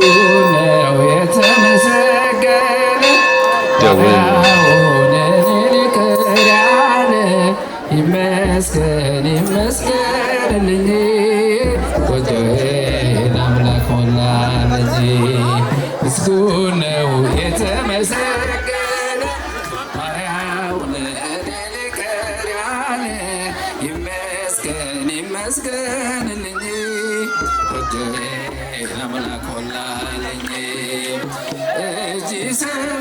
soon.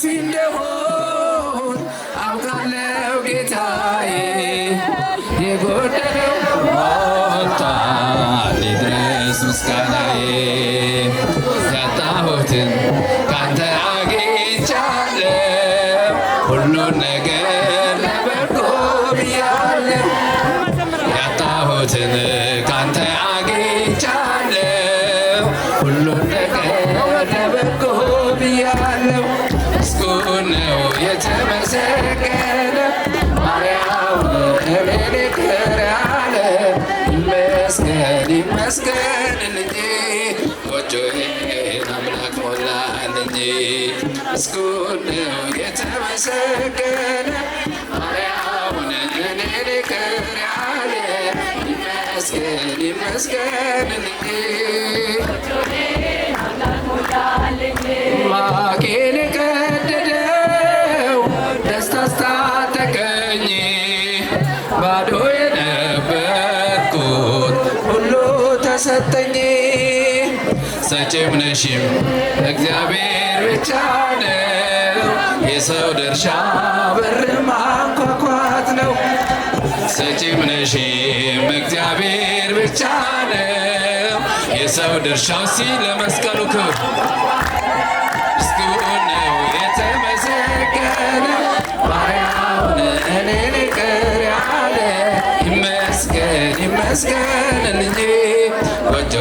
መሲ እንደሆን አውቃለሁ ጌታዬ ይቅር ያለ ይመስገን ይመስገን እንጂ ጎጆዬን አምላክ ሞላል እንጂ ምስጉን የተመሰገነ ማርያምን እኔን ይቅር ያለ ይመስገን ይመስገን እንጂ ሰጠኝ። ሰጪም ነሽም እግዚአብሔር ብቻ ነው። የሰው ድርሻ በር ማንኳኳት ነው። ሰጪም ነሽም እግዚአብሔር ብቻ ነው። የሰው ድርሻው ሲ ለመስቀሉ ክብር ነው ያለ ይመስገን ይመስገን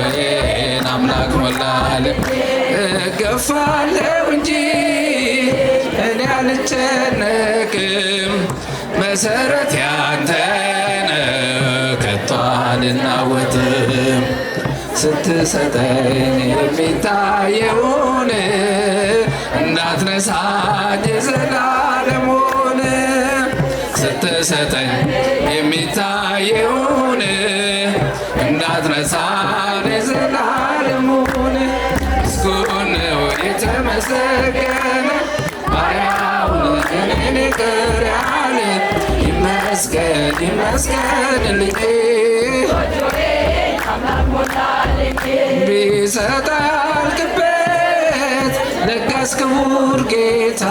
ጆሮዬን አምላክ ሞላል። እገፋለሁ እንጂ እኔ አልጨነቅም፣ መሰረት ያንተ አልናወጥም። ስትሰጠኝ የሚታየውን እንዳትነሳኝ ዘላለሙን ስትሰጠኝ የሚታየውን እንዳትነሳ ተመሰገነ ባሪያውን ቅር ያለ ይመስገን ይመስገን ልጄ ቢሰጥ አልቅበት ለጋስ ክቡር ጌታ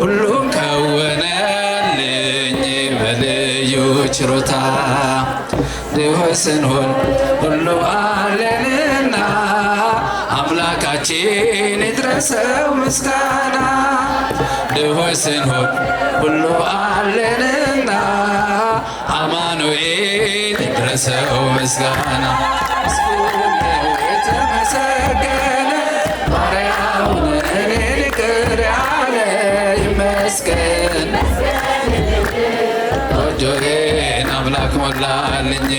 ሁሉም ከወነልኝ በልዩ ችሮታ ድሆች ስንሆን ሁሉ አለንና አምላካችን ለሰው ምስጋና ድሆች ስንሆን ሁሉ አለንና አማኑኤል ለሰው ምስጋና የተመሰገነ ማርያምን ቅር ያለ ይመስገን ጎጆዬን አምላክ ሞላልኝ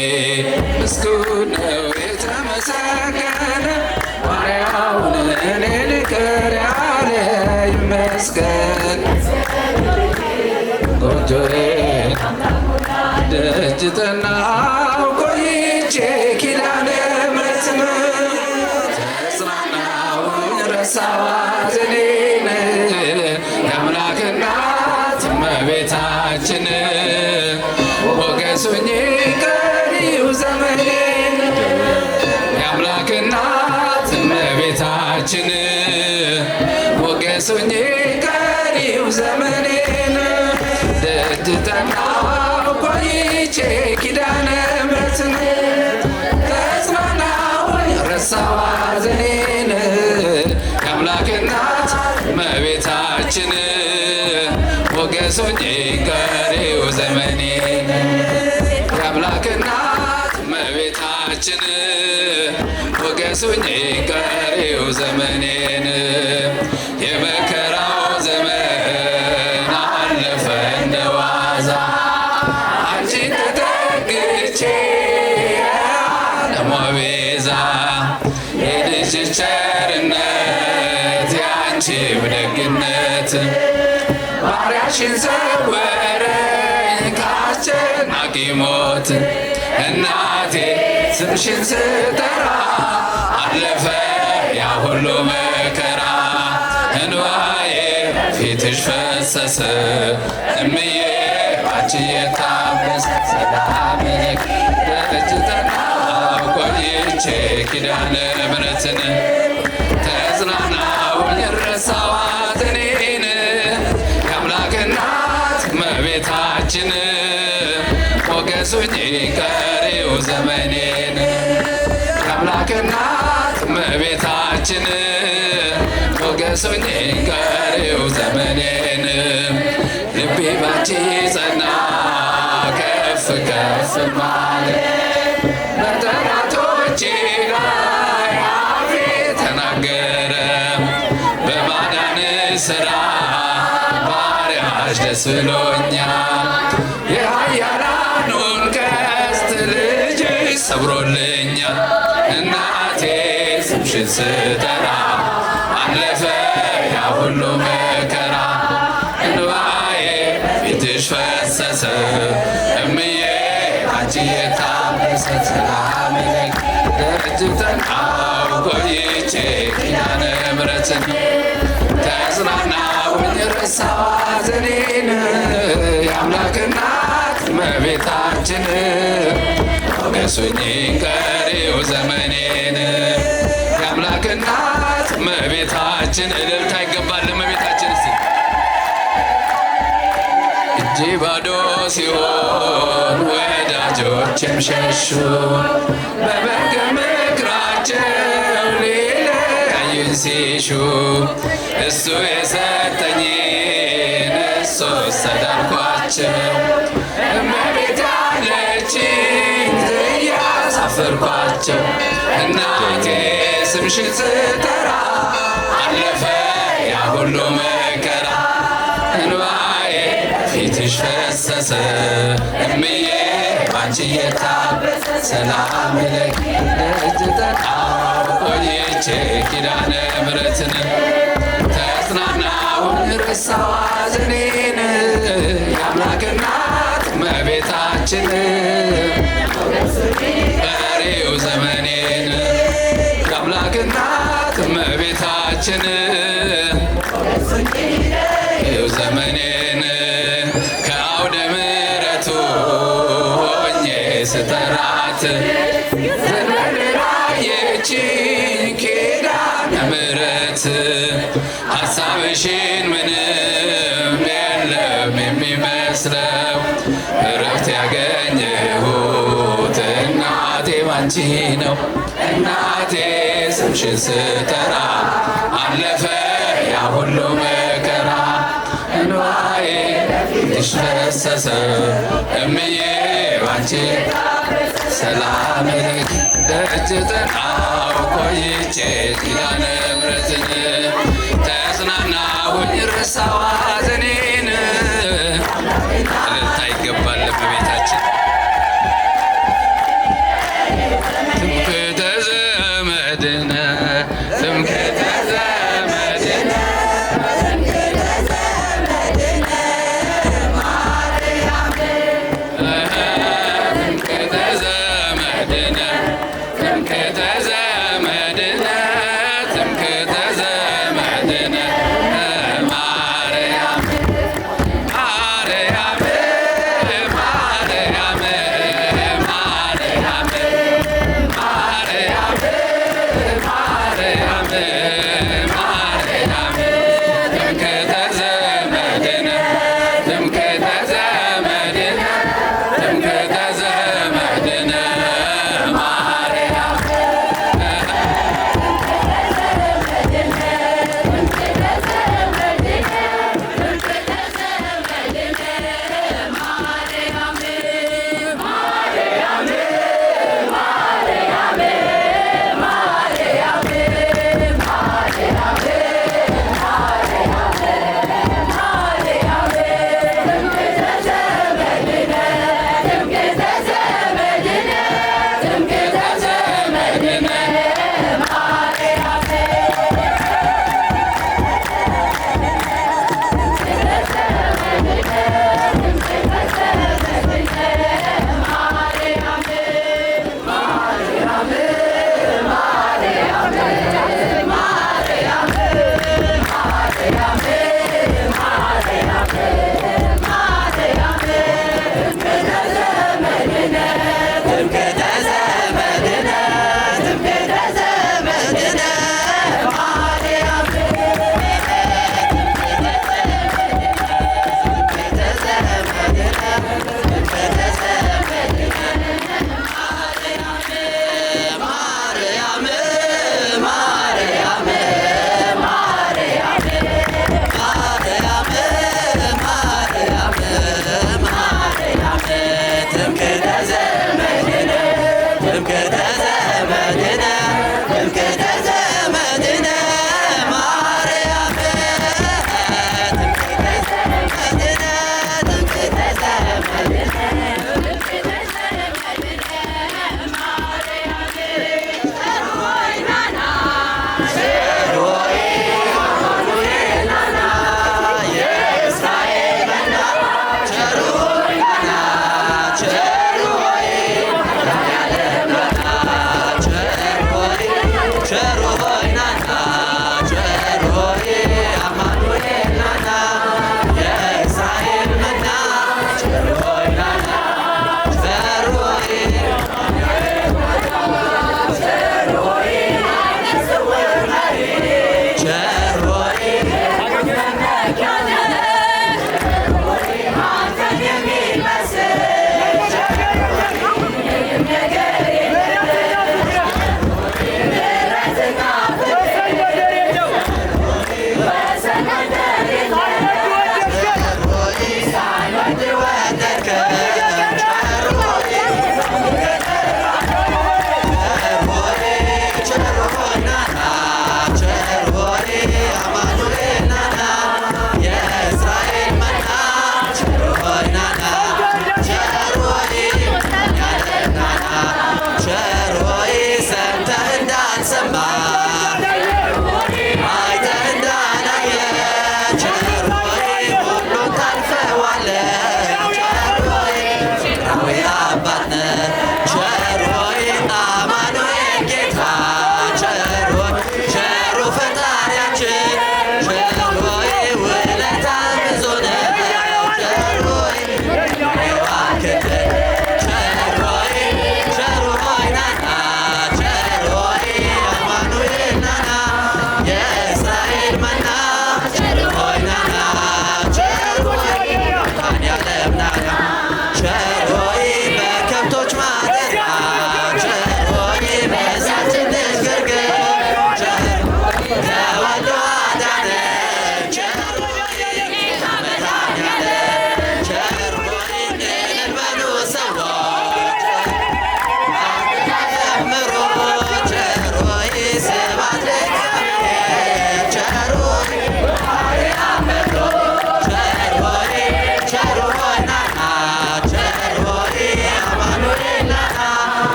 ምስጉን ነው የተመሰገነ ሐዋርያውን እኔን ይቅር ያለ ይመስገን። ጎጆዬ ደጅ ጥና እርሱ ጭገሬው ዘመኔ የአምላክ እናት እመቤታችን ዘመኔን የመከራው ዘመን አለፈ ተጠግቼ የዓለሟ ቤዛ የልጅ ቸርነት የአንቺ ደግነት ስምሽን ሰወረኝ ከአስጨናቂ ሞት እናቴ ስምሽን ስጠራ አለፈ ያ ሁሉ መከራ እንባዬ ፊትሽ ፈሰሰ እምዬ ባንቺ የታበሰ ሰላም ደጅ ጠናው ቆይቼ ኪዳነ ምሕረትን ተጽናናው ልረሳ የሱኝ ቀሪው ዘመኔን አምላክ እናት ሞገሱኝ ቀሪው ዘመኔን ልቤ ባንቺ ጸና ከፍ ከፍ ማለ ስራ ባሪያሽ ደስ ብሎኛል ሰብሮልኛል እናቴ ስምሽን ስጠራ አለፈ ያ ሁሉ መከራ እንባዬ ፊትሽ ፈሰሰ እምዬ አንቺ የታመሰት አምለክ ደረጅም ጠንቃው ቆይቼ ኪዳነ ምሕረትን ተጽናናው ረሳዋትኔን የአምላክ እናት እመቤታችን ንገሱኝ ቀሪው ዘመኔን የአምላክ እናት እመቤታችን እልልታ ይገባል። ለእመቤታችን እጅ ባዶ ሲሆን ወዳጆችም ሸሹ በበግ ምክራቸው ሊለያዩን ሲሹ እሱ የሰጠኝ ሰደርኳቸው እመቤት ያለችኝ እያሳፈርኳቸው እናቴ ስምሽን ስጠራ አለፈ ያ ሁሉ መከራ እንባዬ ፊትሽ ፈሰሰ እምዬ ባንቺ የታበሰ ሰላም ለኪ ደጅ ተቃ ቆይቼ ኪዳነ ምሕረትን አሁን ንቅሳ ዘኔን የአምላክ እናት እመቤታችን በሬው ዘመኔን የአምላክ እናት እመቤታችን ዘመኔን ከአውደ ምሕረቱ ሆኜ ስተራት ዘመን ላየች ፍቅርሽን ምንም የለም የሚመስለው እረፍት ያገኘሁት እናቴ ባንቺ ነው። እናቴ ስምሽን ስጠራ አለፈ ያ ሁሉ መከራ እንባዬ ፊትሽ ፈሰሰ እምዬ ባንቺ ሰላም ደጅ ጥናው ቆይቼ ኪዳነ ምሕረትን ና ና ወይ ረሳዋ ዘኔ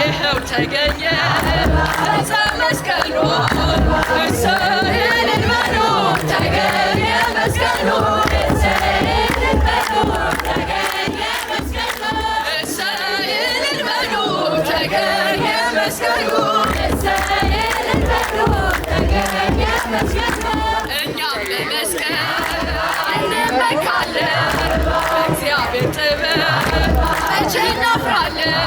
ይኸው ተገኘ እዛ መስቀሉ እስራኤልን በሉ ተገኘ መስቀሉ እስራኤልን በሉ ተገኘ እኛም በመስቀል እንመካለን እግዚአብሔር ጥብ Czy naprawdę?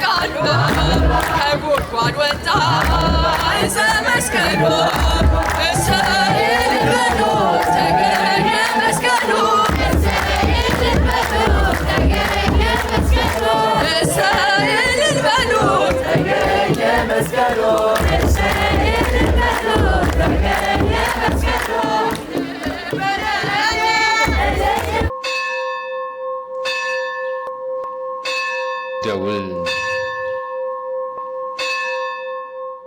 ፈቃዱ ከጉድጓድ ወጣ ዘመስቀሉ እስራኤል በሉ ተገኘ መስቀሉ እስራኤል በሉ